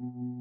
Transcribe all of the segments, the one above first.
Mm-hmm.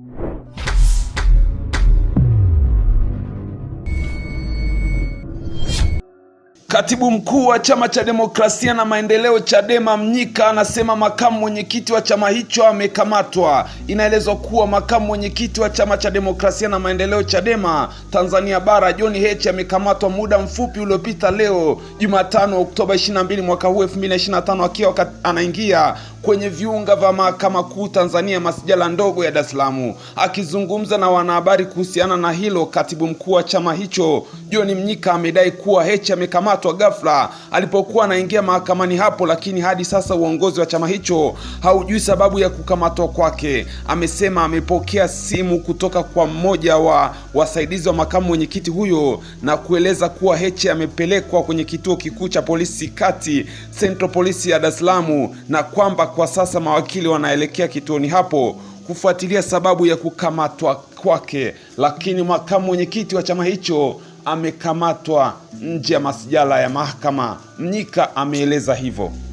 Katibu mkuu wa chama cha demokrasia na maendeleo Chadema Mnyika anasema makamu mwenyekiti wa chama hicho amekamatwa. Inaelezwa kuwa makamu mwenyekiti wa chama cha demokrasia na maendeleo Chadema Tanzania Bara John Heche amekamatwa muda mfupi uliopita leo Jumatano Oktoba 22 mwaka huu 2025 akiwa anaingia kwenye viunga vya mahakama kuu Tanzania masijala ndogo ya Dar es Salaam. Akizungumza na wanahabari kuhusiana na hilo, katibu mkuu wa chama hicho John Mnyika amedai kuwa Heche amekamatwa kukamatwa ghafla alipokuwa anaingia mahakamani hapo, lakini hadi sasa uongozi wa chama hicho haujui sababu ya kukamatwa kwake. Amesema amepokea simu kutoka kwa mmoja wa wasaidizi wa makamu mwenyekiti huyo na kueleza kuwa Heche amepelekwa kwenye kituo kikuu cha polisi kati Central Police ya Dar es Salaam na kwamba kwa sasa mawakili wanaelekea kituoni hapo kufuatilia sababu ya kukamatwa kwake, lakini makamu mwenyekiti wa chama hicho amekamatwa nje ya masijala ya mahakama. Mnyika ameeleza hivyo.